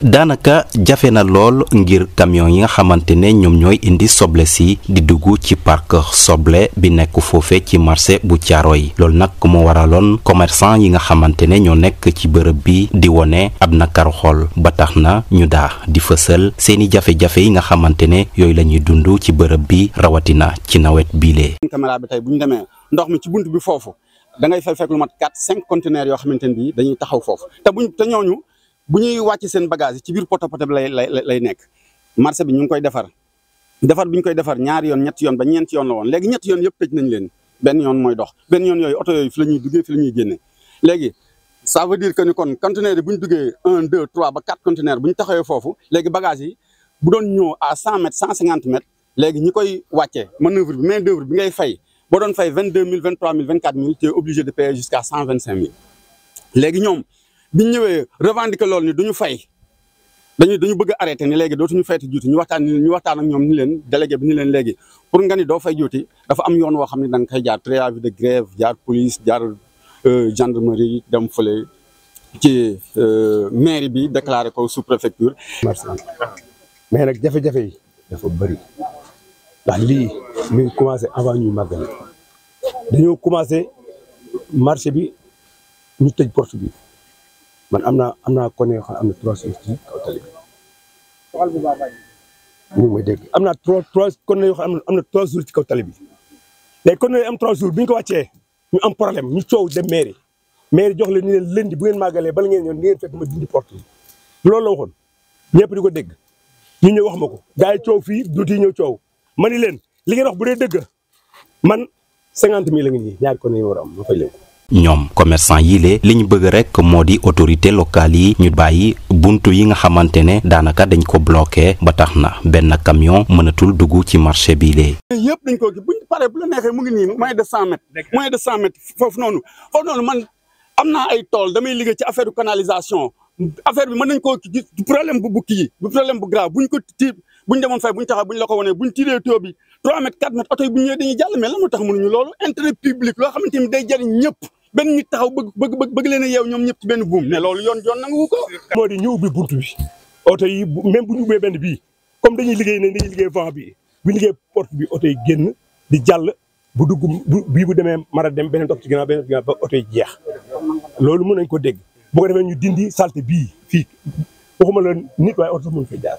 daanaka jafe na lool ngir camion yi nga xamante ne ñoom ñooy indi soble si di dugg ci parc soble bi nekk foofe ci marché bu caaro yi loolu nag moo waraloon commerçant yi nga xamante ne ñoo nekk ci bërëb bi di wone ab nakaru xol ba tax na ñu daa di fësal seeni jafe-jafe yi nga xamante ne yooyu lañuy ñuy dund ci bërëb bi rawatina ci nawet biile. caméra bi tey bu ñu demee ndox mi ci bunt bi foofu da ngay fay fekk lu mat 4 5 yoo xamante ne dañuy taxaw foofu te buñ te ñooñu. bu ñuy wàcc seen bagage ci biir poto poto bi lay nekk marché bi ñu ngi koy defar defar bi ñu koy defar ñaari yoon ñetti yoon ba ñeenti yoon la woon léegi ñett yoon yëpp tëj nañ leen benn yoon mooy dox benn yoon yooyu oto yooyu fi la ñuy duggee fi génne léegi ça veut dire que ni kon conteneur bu ñu duggee un deux trois ba quatre conteneur bu ñu taxawee foofu léegi bagage yi bu doon ñëw à cent mètres cent cinquante mètres léegi ñi koy wàccee manœuvre bi main d'œuvre bi ngay fay boo doon fay vingt deux mille vingt trois mille vingt quatre mille tu es obligé biñ ñëwee revendiquer loolu ni duñu fay dañu dañu bëgg a ni léegi dootuñu fayati juuti ñu waxtaan ñu waxtaan ak ñoom ni leen délégué bi ni leen léegi pour nga ni doo fay juuti dafa am yoon woo xam ne danga nga koy jaar préavis de grève jaar police jaar euh, gendarmerie dem fële ci euh, mairie bi déclaré ko sous préfecture. mais nag jafe-jafe yi dafa bëri ndax lii mi ngi commencé avant ñu màggal dañoo commencé marché bi ñu tëj porte bi. man am naa am naa kone yoo xam na trois sources dégg am naa trois trois kone yoo xam ne am na trois jours ci kaw tali bi léegi kone yooyu am trois jours bi ñu ko wàccee ñu am problème ñu coow dem mairie mairie jox leen ni leen lëndi bu ngeen màggalee bala ngeen ñëw ngeen fekk ma dindi porte loolu la waxoon ñëpp di ko dégg ñu ñëw wax ma ko gars yi coow fii duuti ñëw coow ma ni leen li ngeen wax bu dee dëgg man cinquante mille la ngi ñii ñaari kone yi war a ma fay leen ñoom commerçant yii lee li ñu bëgg rek moo di autorité locale yi ñu bàyyi bunt yi nga xamante ne daanaka dañ ko bloqué ba tax na benn camion mënatul dugg ci marché bi lee. yëpp dañ ko gis bu ñu paree bu la neexee mu ngi nii moins de cent mètres. moins de cent mètres foofu noonu foofu noonu man am naa ay tool damay liggéey ci affaire canalisation affaire bi mën nañ koo gis problème bu bu kii bu problème bu grave bu ko la ko wanee bu ñu tiiree taux bi 3 mètres 4 loo xamante ni day jëriñ ñëpp. benn nit taxaw bëgg bëgg bëgg leen a yeew ñoom ñëpp benn buum ne loolu yoon yoon nangu ko. moo di ñu ubbi buntu bi oto yi même bu ñu ubbee benn bii comme dañuy liggéey ne dañuy liggéey vent bi bu liggéey porte bi oto yi génn di jàll bu dugg bu bii bu demee mar a dem beneen topp ci ginnaaw beneen ginnaaw ba oto yi jeex loolu mën nañ ko dégg bu ko ñu dindi salte bii fii ma la nit waaye oto mën fay jaar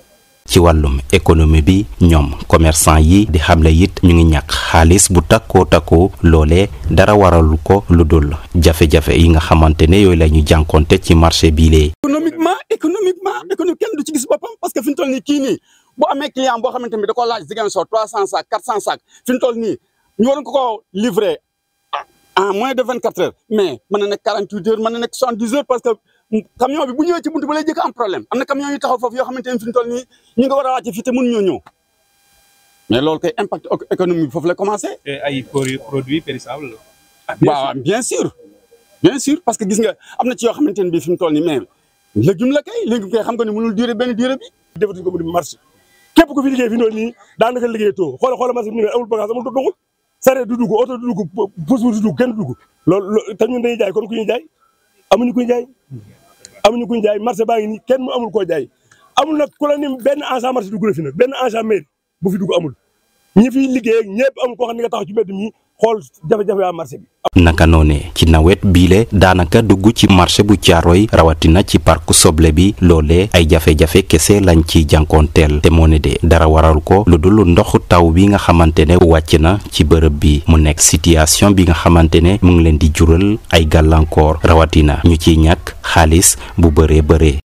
ci wàllum économie bi ñoom commercant yi di xamle it ñu ngi ñàkk xaalis bu takkoo takkoo loolee dara waralu ko lu dul jafe-jafe yi nga xamante ne yooyu la ñu jànkonte ci marché bii lee économiquement économiquement économique kenn du ci gis boppam parce que fi ñu toll nii kii nii bu amee client boo xamante ni da ko laaj Ziguinchor trois cent sacs quatre cent sacs fi ñu toll nii ñu waroon ko ko livrer en moins de vingt quatre heures mais mën na nekk camion bi bu ñëwee ci buntu ba lay jëkk am problème am na camion yu taxaw foofu yoo xamante ne nii ñu nga war a wàcc fii te mënuñoo ñëw mais loolu kay impact économique bi foofu la commencé. ay produits périssables la. ah bien sûr bien sûr. parce que gis nga am na ci yoo xamante ne bii fi mu toll nii mais légume la kay légume kay xam nga ni mënul durer benn durée bi. defatuñ ko mu di marché képp ku fi liggéey fi nii daanaka liggéey too xoolal xoolal marché bi mu ne amul bagage amul doxul sareet du amuñu kuñ jaay marché baa ngi nii kenn mu amul koo jaay amul nag ku la ni benn agent marché na fi nag benn agent bu fi dugg amul ñi fiy liggéey ñëpp amul koo xam ne nga taxaw ci mbedd mi xool jafe-jafe naka noone ci nawet biile daanaka dugg ci marché bu Caaroy rawatina ci parc soble bi loolee ay jafe-jafe kese lañ ciy jànkoonteel te moo ne de dara waral ko lu dul ndoxu taw bi nga xamante ne wàcc na ci bërëb bi mu nekk situation bi nga xamante ne mu ngi leen di jural ay gàllankoor rawatina ñu ciy ñàkk xaalis bu bëree bëree.